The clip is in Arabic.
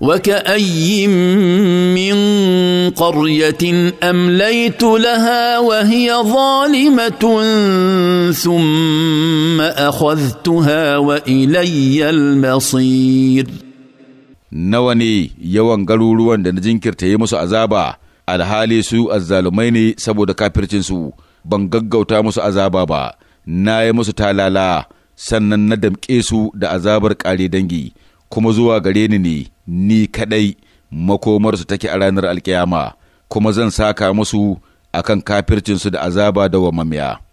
وكأي من قرية أمليت لها وهي ظالمة ثم أخذتها وإلي المصير نواني يوان غلولوان دن جنكر تيموس عذابا الهالي سو الظالميني سبو دكابرتين سو بنگگو تاموس عذابا با نايموس تالالا سنن ندم كيسو دا عذابر قالي دنگي kuma zuwa gare ni ne ni kaɗai makomarsu take a ranar alkiyama kuma zan saka musu akan kafircinsu da azaba da mamiya.